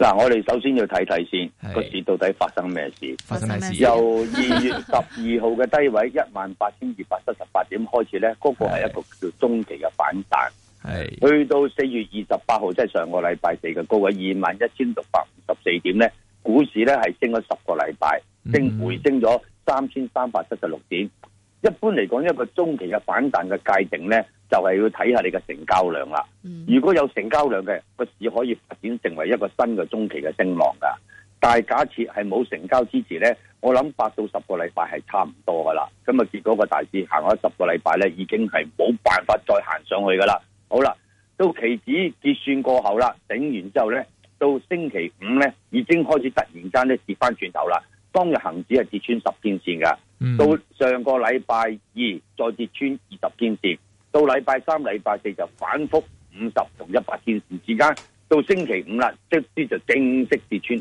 嗱，我哋首先要睇睇先，個市到底發生咩事？發生咩事？由二月十二號嘅低位一萬八千二百七十八點開始咧，嗰 個係一個叫中期嘅反彈，係去到四月二十八號，即係上個禮拜四嘅高位二萬一千六百五十四點咧，股市咧係升咗十個禮拜，升回升咗三千三百七十六點，嗯。一般嚟講，一個中期嘅反彈嘅界定咧。就係、是、要睇下你嘅成交量啦。如果有成交量嘅個市可以發展成為一個新嘅中期嘅升浪㗎。但係假設係冇成交之前呢，我諗八到十個禮拜係差唔多㗎啦。咁啊，結果大個大市行咗十個禮拜呢，已經係冇辦法再行上去㗎啦。好啦，到期指結算過後啦，整完之後呢，到星期五呢，已經開始突然間呢跌返轉頭啦。當日恒指係跌穿十天線㗎，到上個禮拜二再跌穿二十天線。到禮拜三、禮拜四就反覆五十同一百天線之間，到星期五啦，即啲就正式跌穿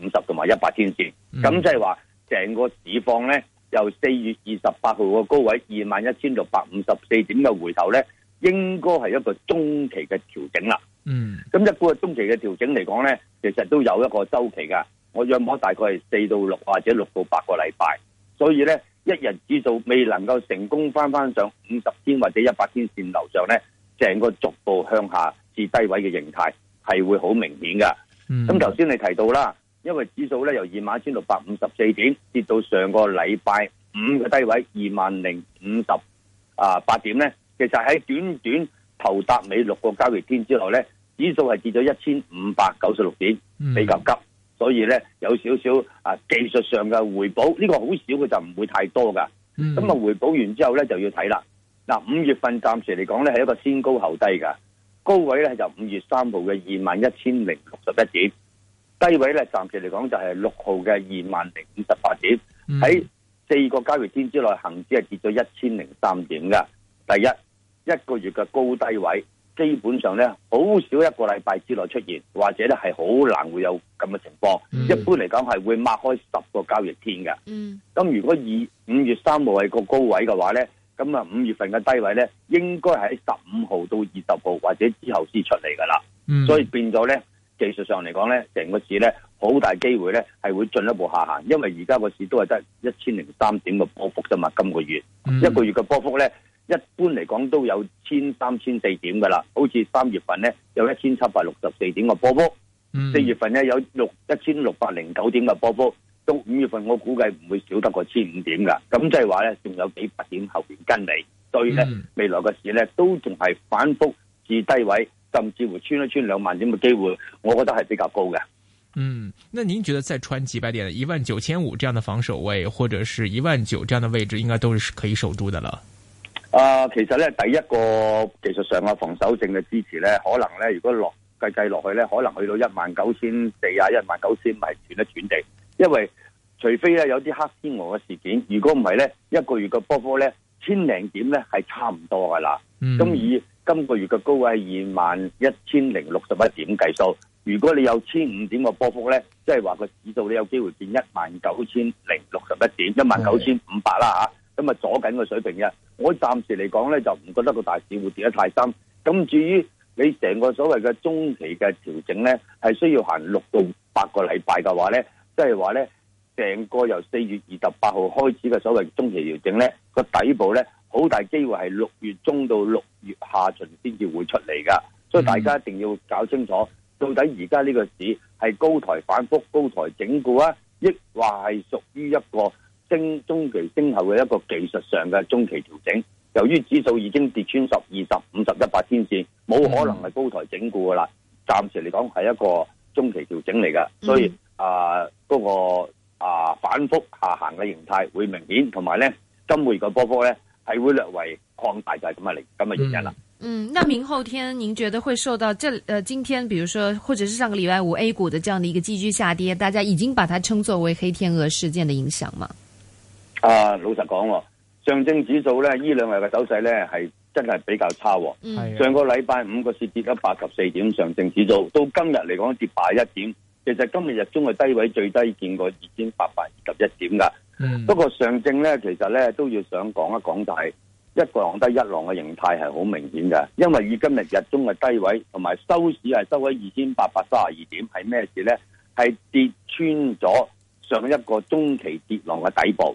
五十同埋一百天線。咁即係話，成、就是、個市況咧，由四月二十八號個高位二萬一千六百五十四點嘅回頭咧，應該係一個中期嘅調整啦。嗯，咁一個中期嘅調整嚟講咧，其實都有一個周期噶，我約摸大概係四到六或者六到八個禮拜，所以咧。一日指數未能夠成功翻翻上五十天或者一百天線樓上呢，整個逐步向下至低位嘅形態係會好明顯嘅。咁頭先你提到啦，因為指數咧由二萬一千六百五十四點跌到上個禮拜五嘅低位二萬零五十啊八點呢，其實喺短短頭搭尾六個交易天之後呢，指數係跌咗一千五百九十六點，比較急。Mm-hmm. 所以咧有少少啊技術上嘅回補，呢、這個好少嘅就唔會太多噶。咁、mm. 啊回補完之後咧就要睇啦。嗱五月份暫時嚟講咧係一個先高後低噶，高位咧就五月三號嘅二萬一千零六十一點，低位咧暫時嚟講就係六號嘅二萬零五十八點。喺四個交易天之內，恆指係跌咗一千零三點噶。第一一個月嘅高低位。基本上咧，好少一個禮拜之內出現，或者咧係好難會有咁嘅情況。Mm. 一般嚟講係會擘開十個交易天嘅。咁、mm. 如果二五月三號係個高位嘅話咧，咁啊五月份嘅低位咧，應該係喺十五號到二十號或者之後先出嚟噶啦。Mm. 所以變咗咧，技術上嚟講咧，成個市咧好大機會咧係會進一步下行，因為而家個市都係得一千零三點嘅波幅啫嘛。今個月、mm. 一個月嘅波幅咧。一般嚟講都有千三千四點噶啦，好似三月份呢有一千七百六十四點嘅波幅，四月份呢有六一千六百零九點嘅波幅，到五月份我估計唔會少得過千五點噶，咁即係話呢仲有幾百點後邊跟嚟，所以呢未來嘅市呢都仲係反復至低位，甚至乎穿一穿兩萬點嘅機會，我覺得係比較高嘅。嗯，那您覺得再穿幾百點，一萬九千五這樣的防守位，或者是一萬九這樣的位置，應該都是可以守住的了。啊、呃，其實咧，第一個技術上嘅防守性嘅支持咧，可能咧，如果落計計落去咧，可能去到一萬九千四啊，一萬九千，唔係斷一斷地，因為除非咧有啲黑天鵝嘅事件，如果唔係咧，一個月嘅波幅咧千零點咧係差唔多噶啦。咁、嗯、以今個月嘅高位二萬一千零六十一點計數，如果你有千五點嘅波幅咧，即係話個指數你有機會變一萬九千零六十一點，一萬九千五百啦吓，咁啊、嗯、阻緊個水平嘅。我暫時嚟講咧，就唔覺得個大市會跌得太深。咁至於你成個所謂嘅中期嘅調整咧，係需要行六到八個禮拜嘅話咧，即係話咧，成個由四月二十八號開始嘅所謂嘅中期調整咧，個底部咧，好大機會係六月中到六月下旬先至會出嚟噶。所以大家一定要搞清楚，到底而家呢個市係高台反覆、高台整固啊，抑或係屬於一個？中中期升後嘅一個技術上嘅中期調整，由於指數已經跌穿十二、十五、十一八天綫，冇可能係高台整固噶啦。暫時嚟講係一個中期調整嚟嘅，所以、嗯、啊嗰、那個啊反覆下行嘅形態會明顯，同埋咧今回個波波咧係會略為擴大就這，嗯、這就係咁嘅嚟咁嘅原因啦。嗯，那明後天您覺得會受到這？誒、呃，今天，比如說，或者是上個禮拜五 A 股的這樣的一個急劇下跌，大家已經把它稱作為黑天鵝事件的影響嗎？啊，老實講，上證指數咧，呢兩日嘅走勢咧，係真係比較差，啊。上個禮拜五個市跌咗八十四點，上證指數到今日嚟講跌八一點。其實今日日中嘅低位最低見過二千八百二十一點噶、嗯。不過上證咧，其實咧都要想講一講就係一個浪低一浪嘅形態係好明顯噶。因為以今日日中嘅低位同埋收市係收喺二千八百三十二點，係咩事咧？係跌穿咗上一個中期跌浪嘅底部。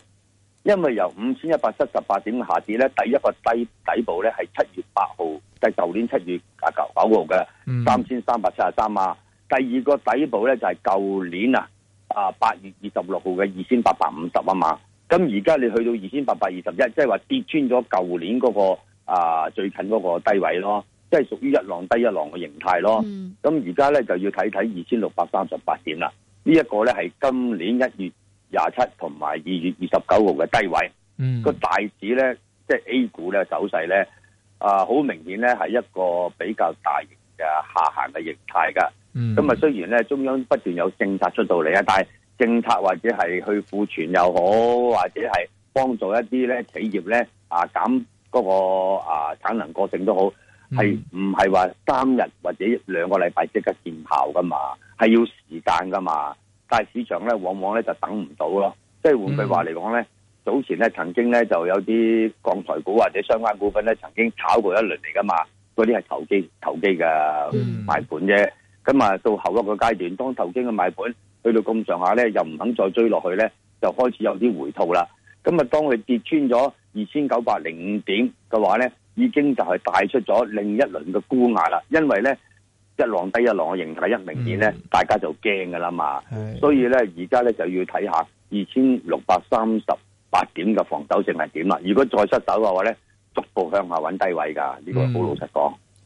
因為由五千一百七十八點下跌咧，第一個低底部咧係七月八號，即係舊年七月九號嘅三千三百七十三啊。第二個底部咧就係舊年啊，啊八月二十六號嘅二千八百五十啊嘛。咁而家你去到二千八百二十一，即係話跌穿咗舊年嗰個啊最近嗰個低位咯，即係屬於一浪低一浪嘅形態咯。咁而家咧就要睇睇二千六百三十八點啦。呢一個咧係今年一月，廿七同埋二月二十九號嘅低位，個、嗯、大市咧，即、就、係、是、A 股咧走勢咧，啊、呃、好明顯咧係一個比較大型嘅下行嘅形態噶。咁、嗯、啊雖然咧中央不斷有政策出到嚟啊，但係政策或者係去庫存又好，或者係幫助一啲咧企業咧啊減嗰個啊產能過剩都好，係唔係話三日或者兩個禮拜即刻見效噶嘛？係要時間噶嘛？但市場咧，往往咧就等唔到咯。即係換句話嚟講咧，早前咧曾經咧就有啲鋼材股或者相關股份咧，曾經炒過一輪嚟噶嘛。嗰啲係投機投機嘅賣盤啫。咁、嗯、啊，到後一個階段，當投機嘅賣盤去到咁上下咧，又唔肯再追落去咧，就開始有啲回吐啦。咁啊，當佢跌穿咗二千九百零五點嘅話咧，已經就係帶出咗另一輪嘅沽壓啦。因為咧。一浪低一浪嘅形態一明顯咧、嗯，大家就驚㗎啦嘛。所以咧，而家咧就要睇下二千六百三十八點嘅防守性係點啦。如果再失手嘅話咧，逐步向下搵低位噶，呢、呢個好老實講。嗯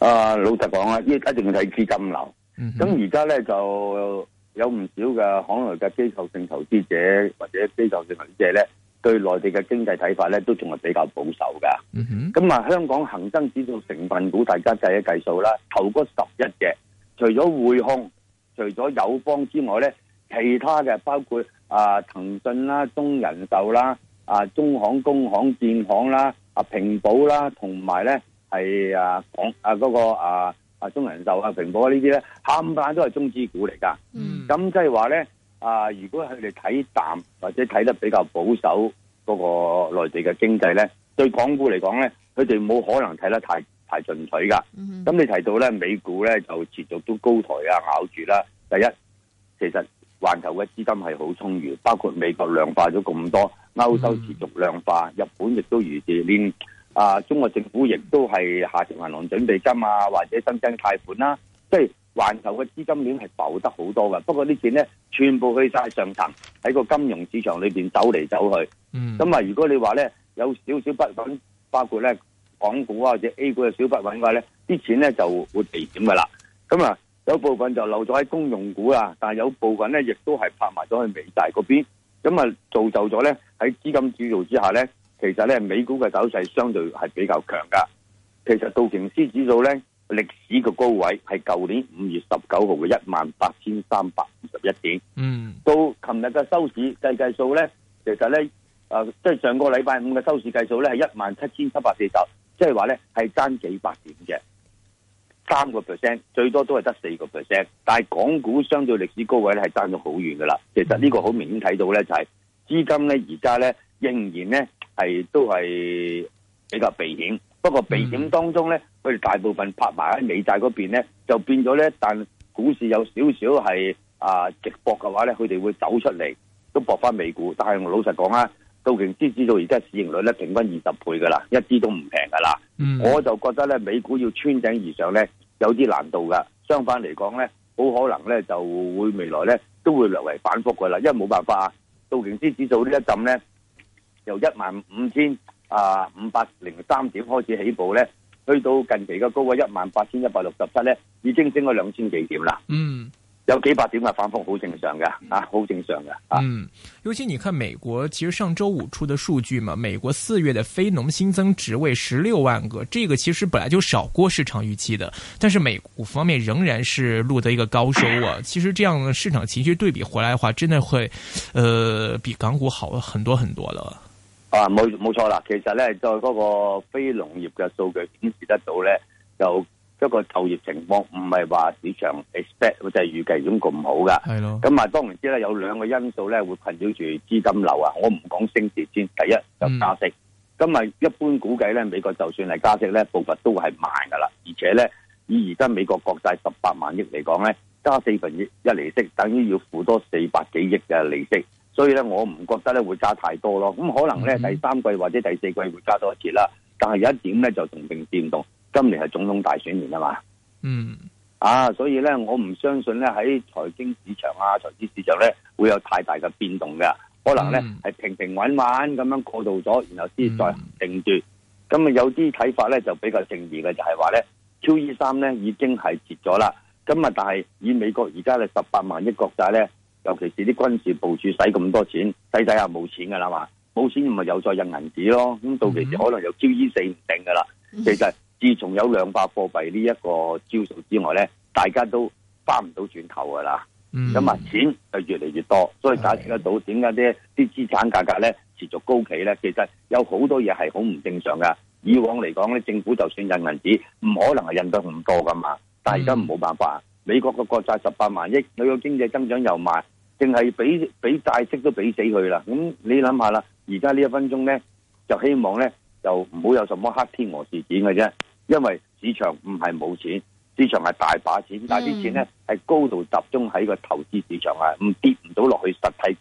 啊，老實講啊，一定淨睇資金流。咁而家咧就有唔少嘅行內嘅機構性投資者或者機構性投資者咧，對內地嘅經濟睇法咧都仲係比較保守噶。咁、嗯、啊，香港恒生指數成分股大家計一計數啦，頭嗰十一隻，除咗匯控、除咗友邦之外咧，其他嘅包括啊騰訊啦、中人壽啦、啊中行、工行、建行啦、啊平保啦，同埋咧。係啊，港啊嗰、嗰個啊啊中人壽啊，平保呢啲咧，冚唪唥都係中資股嚟噶。咁即係話咧，啊如果佢哋睇淡或者睇得比較保守嗰個內地嘅經濟咧，對港股嚟講咧，佢哋冇可能睇得太太進取噶。咁、mm-hmm. 你提到咧，美股咧就持續都高台啊咬住啦。第一，其實環球嘅資金係好充裕，包括美國量化咗咁多，歐洲持續量化，日本亦都如是。啊！中國政府亦都係下調銀行準備金啊，或者新增貸款啦、啊，即係環球嘅資金鏈係浮得好多嘅。不過呢啲錢咧，全部去晒上層喺個金融市場裏邊走嚟走去。嗯，咁啊，如果你話咧有少少不穩，包括咧港股啊或者 A 股嘅小不穩嘅話咧，啲錢咧就會避險嘅啦。咁啊，有部分就漏咗喺公用股啊，但係有部分咧亦都係拍埋咗去美債嗰邊，咁啊造就咗咧喺資金注入之下咧。其實咧，美股嘅走勢相對係比較強噶。其實道瓊斯指數咧，歷史嘅高位係舊年五月十九號嘅一萬八千三百五十一點。嗯，到琴日嘅收市計計數咧，其實咧，誒，即係上個禮拜五嘅收市計數咧係一萬七千七百四十，即係話咧係爭幾百點嘅，三個 percent 最多都係得四個 percent。但係港股相對歷史高位咧係爭咗好遠噶啦。其實呢個好明顯睇到咧就係資金咧而家咧。仍然咧係都係比較避險，不過避險當中咧，佢、mm. 哋大部分拍埋喺美債嗰邊咧，就變咗咧。但股市有少少係啊，直搏嘅話咧，佢哋會走出嚟都搏翻美股。但係我老實講啊，道瓊斯指數而家市盈率咧平均二十倍噶啦，一啲都唔平噶啦。Mm. 我就覺得咧，美股要穿頂而上咧，有啲難度噶。相反嚟講咧，好可能咧就會未來咧都會略為反覆噶啦，因為冇辦法、啊，道瓊斯指數一呢一陣咧。由一萬五千啊五百零三點開始起步呢，去到近期嘅高位一萬八千一百六十七呢，已經升咗兩千幾點啦。嗯，有幾百點嘅反覆好正常嘅，啊，好正常嘅。嗯，尤其你看美國，其實上週五出嘅數據嘛，美國四月嘅非農新增職位十六萬個，這個其實本來就少過市場預期嘅，但是美股方面仍然是錄得一個高收啊。其實這樣的市場情緒對比回來的話，真的會，呃，比港股好很多很多的。啊，冇冇錯啦！其實咧，就嗰個非農業嘅數據顯示得到咧，就一個就業情況唔係話市場 expect 就係預計咁咁好噶。係咯。咁啊，當然之咧，有兩個因素咧會困擾住資金流啊。我唔講升跌先，第一就加息。咁啊一般估計咧，美國就算係加息咧，步伐都係慢噶啦。而且咧，以而家美國國債十八萬億嚟講咧，加四分一厘利息，等於要付多四百幾億嘅利息。所以咧，我唔覺得咧會加太多咯。咁可能咧，第三季或者第四季會加多一次啦、嗯。但係有一點咧，就同定變動。今年係總統大選年啊嘛。嗯。啊，所以咧，我唔相信咧喺財經市場啊、財資市場咧，會有太大嘅變動嘅。可能咧係平平穩穩咁樣過渡咗，然後先再定住。咁、嗯、啊，有啲睇法咧就比較正義嘅，就係話咧，QE 三咧已經係截咗啦。咁啊，但係以美國而家嘅十八萬億國債咧。尤其是啲軍事部署使咁多錢，睇睇下冇錢噶啦嘛，冇錢咪又再印銀紙咯。咁到期時可能又超印四唔定噶啦。其實，自從有量化貨幣呢一個招數之外咧，大家都翻唔到轉頭噶啦。咁啊，錢就越嚟越多，所以解釋得到點解啲啲資產價格咧持續高企咧。其實有好多嘢係好唔正常噶。以往嚟講咧，政府就算印銀紙，唔可能係印得咁多噶嘛。但係而家冇辦法，美國個國債十八萬億，佢個經濟增長又慢。淨係俾俾債息都俾死佢啦！咁、嗯、你諗下啦，而家呢一分鐘咧，就希望咧就唔好有什麼黑天鵝事件嘅啫。因為市場唔係冇錢，市場係大把錢，但係啲錢咧係、嗯、高度集中喺個投資市場啊，唔跌唔到落去實體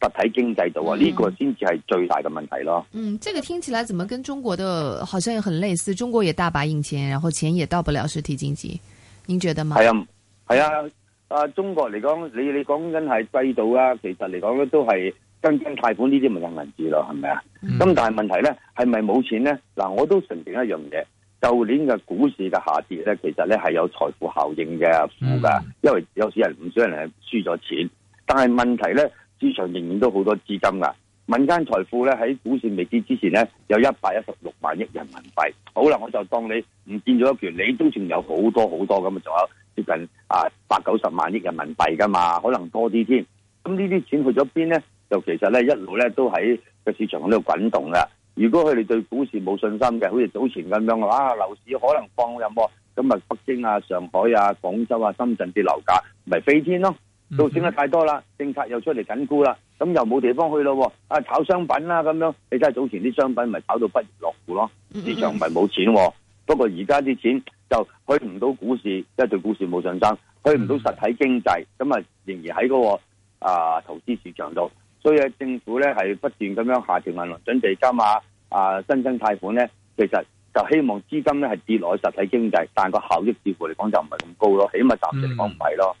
實體經濟度啊，呢、嗯、這個先至係最大嘅問題咯。嗯，這個聽起來怎麼跟中國的好像也很類似？中國也大把印錢，然後錢也到不了實體經濟，您覺得嗎？係啊，係啊。嗯啊，中國嚟講，你你講緊係制度啊，其實嚟講咧都係跟跟貸款呢啲咪有銀紙咯，係咪啊？咁、嗯、但係問題咧，係咪冇錢咧？嗱、啊，我都承認一樣嘢，舊年嘅股市嘅下跌咧，其實咧係有財富效應嘅負噶，因為有少人唔少人係輸咗錢。但係問題咧，市場仍然都好多資金啊。民間財富咧喺股市未跌之前咧有一百一十六萬億人民幣。好啦，我就當你唔見咗一條，你都仲有好多好多咁嘅仲有。接近啊百九十萬億人民幣㗎嘛，可能多啲添。咁呢啲錢去咗邊呢？就其實咧一路咧都喺個市場度滾動啦。如果佢哋對股市冇信心嘅，好似早前咁樣嘅話啊，樓市可能放任喎、啊。咁北京啊、上海啊、廣州啊、深圳啲樓價咪飛天咯。做升得太多啦，政策又出嚟緊固啦，咁又冇地方去咯、啊。啊，炒商品啦、啊、咁樣，你睇下早前啲商品咪炒到不亦樂乎咯。市場唔係冇錢喎、啊。不過而家啲錢就去唔到股市，即、就、係、是、對股市冇信心，去唔到實體經濟，咁啊仍然喺嗰、那個啊投資市場度。所以政府咧係不斷咁樣下調銀率，準備加碼啊新增貸款咧，其實就希望資金咧係跌落去實體經濟，但個效益似乎嚟講就唔係咁高咯，起碼暫時嚟講唔係咯。嗯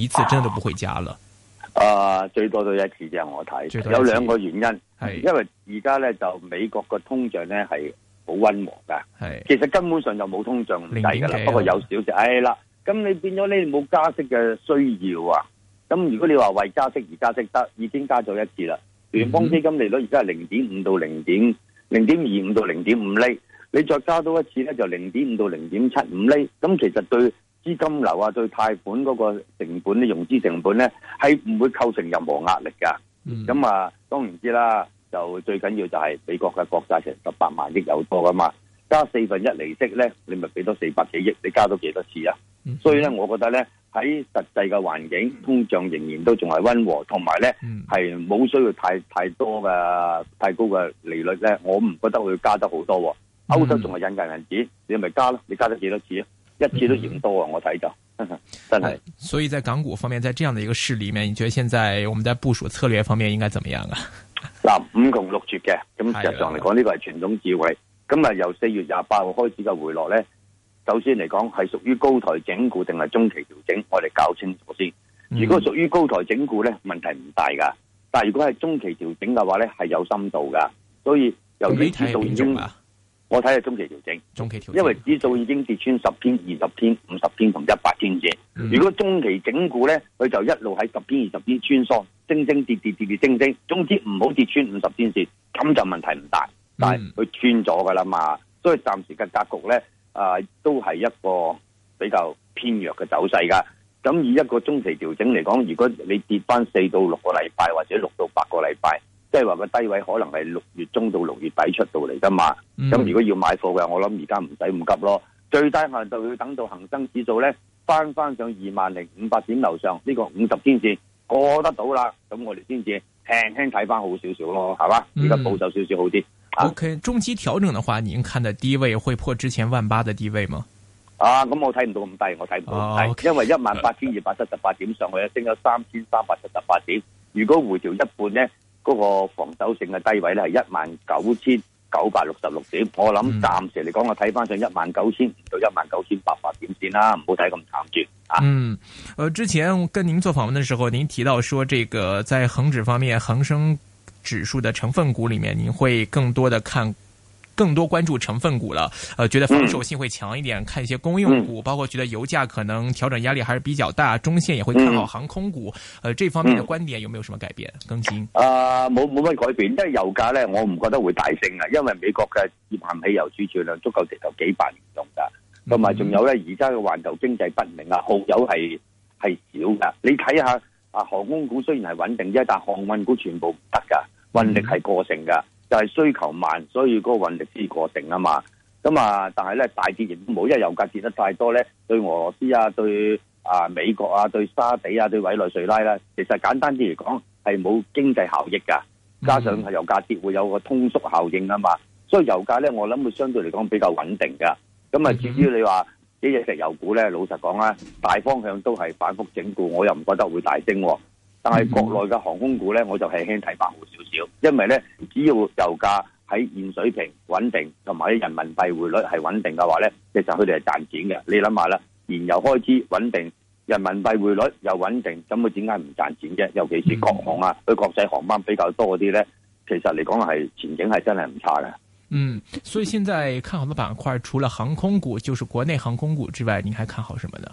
一次真係唔會加啦。誒、啊，最多就一次啫，我睇有兩個原因，係因為而家咧就美國個通脹咧係好溫和噶，係其實根本上就冇通脹唔計噶啦，不過有少少。哎啦，咁你變咗你冇加息嘅需要啊。咁如果你話為加息而加息得，已經加咗一次啦。聯邦基金利率而家係零點五到零點零點二五到零點五厘，你再加多一次咧就零點五到零點七五厘。咁其實對。資金流啊，對貸款嗰個成本、融資成本咧，係唔會構成任何壓力噶。咁、mm-hmm. 啊，當然知啦，就最緊要就係美國嘅國債成十八萬億有多噶嘛，加四分一利息咧，你咪俾多四百幾億，你加多幾多次啊？Mm-hmm. 所以咧，我覺得咧，喺實際嘅環境，通脹仍然都仲係溫和，同埋咧係冇需要太太多嘅太高嘅利率咧，我唔覺得會加得好多、啊。Mm-hmm. 歐洲仲係印緊銀紙，你咪加咯，你加咗幾多，多次啊？一次都嫌多啊！Mm-hmm. 我睇到。真係，所以在港股方面，在這樣的一個市裏面，你覺得現在我們在部署策略方面應該怎麼樣啊？嗱，五窮六絕嘅，咁實際上嚟講，呢個係傳統智慧。咁、哎、啊，由四月廿八號開始嘅回落呢，首先嚟講係屬於高台整固定係中期調整，我哋搞清楚先試試。Mm-hmm. 如果屬於高台整固呢，問題唔大㗎。但如果係中期調整嘅話呢，係有深度㗎。所以由呢次到邊我睇下中期調整，中期調整，因為指數已經跌穿十天、二十天、五十天同一百天線。如果中期整固咧，佢就一路喺十天、二十天穿梭，升升跌跌跌跌升升。總之唔好跌穿五十天線，咁就問題唔大。但係佢穿咗噶啦嘛，所以暫時嘅格局咧，呃，都係一個比較偏弱嘅走勢噶。咁以一個中期調整嚟講，如果你跌翻四到六個禮拜，或者六到八個禮拜。即係話個低位可能係六月中到六月底出到嚟噶嘛，咁、嗯、如果要買貨嘅，我諗而家唔使咁急咯，最低限度要等到恒生指數咧翻翻上二萬零五百點樓上，呢、這個五十天線過得到啦，咁我哋先至輕輕睇翻好少少咯，係嘛，而、嗯、家保守少少好啲。O、okay, K，、啊、中期調整嘅話，你看嘅低位會破之前萬八嘅低位嗎？啊，咁、嗯、我睇唔到咁低，我睇唔到，啊、okay, 因為一萬八千二百七十八點上去啊，升咗三千三百七十八點，如果回調一半咧。嗰、那個防守性嘅低位呢係一萬九千九百六十六點，我諗暫時嚟講，我睇翻上一萬九千到一萬九千八百點先啦，唔好睇咁慘絕啊。嗯，呃，之前跟您做訪問嘅時候，您提到說，這個在恒指方面，恒生指數的成分股裡面，您會更多的看。更多關注成分股了呃，覺得防守性會強一點，嗯，看一些公用股，包括覺得油價可能調整壓力還是比較大，中線也會看好航空股，呃，這方面的觀點有沒有什麼改變？嗯嗯，更新？啊，呃，冇冇乜改變，因為油價咧，我唔覺得會大升啊，因為美國嘅液化汽油儲存量足夠直到幾百年用噶，同埋仲有咧，而家嘅環球經濟不明啊，耗油係係少噶，你睇下啊，航空股雖然係穩定啫，但航運股全部唔得噶，運力係過剩噶。嗯嗯就係、是、需求慢，所以嗰個運力自然過剩啊嘛。咁啊，但係咧大跌亦都冇，因為油價跌得太多咧，對俄羅斯啊、對啊美國啊、對沙地啊、對委內瑞拉咧、啊，其實簡單啲嚟講係冇經濟效益噶。加上係油價跌會有個通縮效應啊嘛，所以油價咧我諗會相對嚟講比較穩定噶。咁啊，至於你話一隻石油股咧，老實講啦，大方向都係反覆整固，我又唔覺得會大升、啊。但係國內嘅航空股咧，我就係輕睇白好少少，因為咧只要油價喺現水平穩定，同埋人民幣匯率係穩定嘅話咧，其實佢哋係賺錢嘅。你諗下啦，燃油開支穩定，人民幣匯率又穩定，咁佢點解唔賺錢啫？尤其是國航啊，佢國際航班比較多啲咧，其實嚟講係前景係真係唔差嘅。嗯，所以現在看好嘅板塊，除了航空股，就是國內航空股之外，你還看好什麼呢？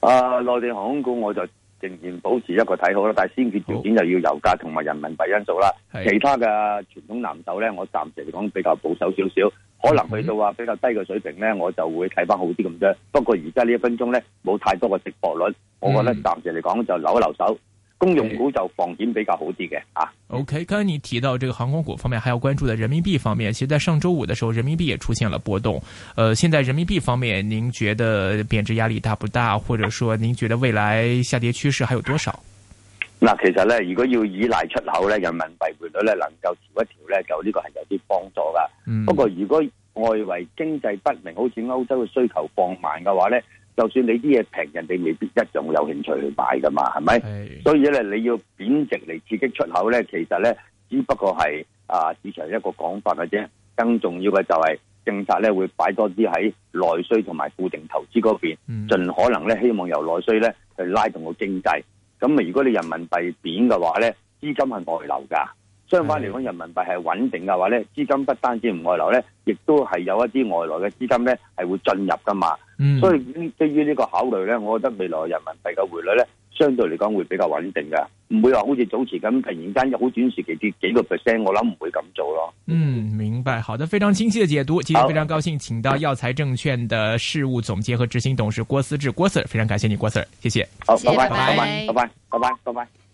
啊、呃、內地航空股我就仍然保持一個睇好啦，但係先決條件就要油價同埋人民幣因素啦。其他嘅傳統藍籌呢，我暫時嚟講比較保守少少，可能去到話比較低嘅水平呢，我就會睇返好啲咁啫。不過而家呢一分鐘呢，冇太多嘅值博率，我覺得暫時嚟講就留一留手。嗯公用股就防險比較好啲嘅啊。OK，剛剛你提到這個航空股方面，還要關注的人民幣方面。其實，在上周五的時候，人民幣也出現了波動。呃，現在人民幣方面，您覺得貶值壓力大不大？或者說，您覺得未來下跌趨勢還有多少？嗱、啊，其實呢，如果要依賴出口呢，人民幣匯率呢，能夠調一調呢，就呢個係有啲幫助噶、嗯。不過，如果外圍經濟不明，好似歐洲嘅需求放慢嘅話呢。就算你啲嘢平，人哋未必一樣有興趣去買噶嘛，係咪？所以咧，你要貶值嚟刺激出口咧，其實咧，只不過係啊市場一個講法嘅啫。更重要嘅就係、是、政策咧，會擺多啲喺內需同埋固定投資嗰邊、嗯，盡可能咧希望由內需咧去拉動個經濟。咁如果你人民幣貶嘅話咧，資金係外流噶。相反嚟講，人民幣係穩定嘅話咧，資金不單止唔外流咧，亦都係有一啲外來嘅資金咧係會進入噶嘛、嗯。所以基於呢個考慮咧，我覺得未來人民幣嘅匯率咧，相對嚟講會比較穩定嘅，唔會話好似早前咁突然間好短時期跌幾個 percent，我諗唔會咁做咯。嗯，明白。好的，非常清晰嘅解讀。好，非常高興請到耀才證券的事務總監和執行董事郭思治郭 Sir，非常感謝你郭 Sir，謝謝。好，謝謝，拜拜，拜拜，拜拜，拜拜。拜拜。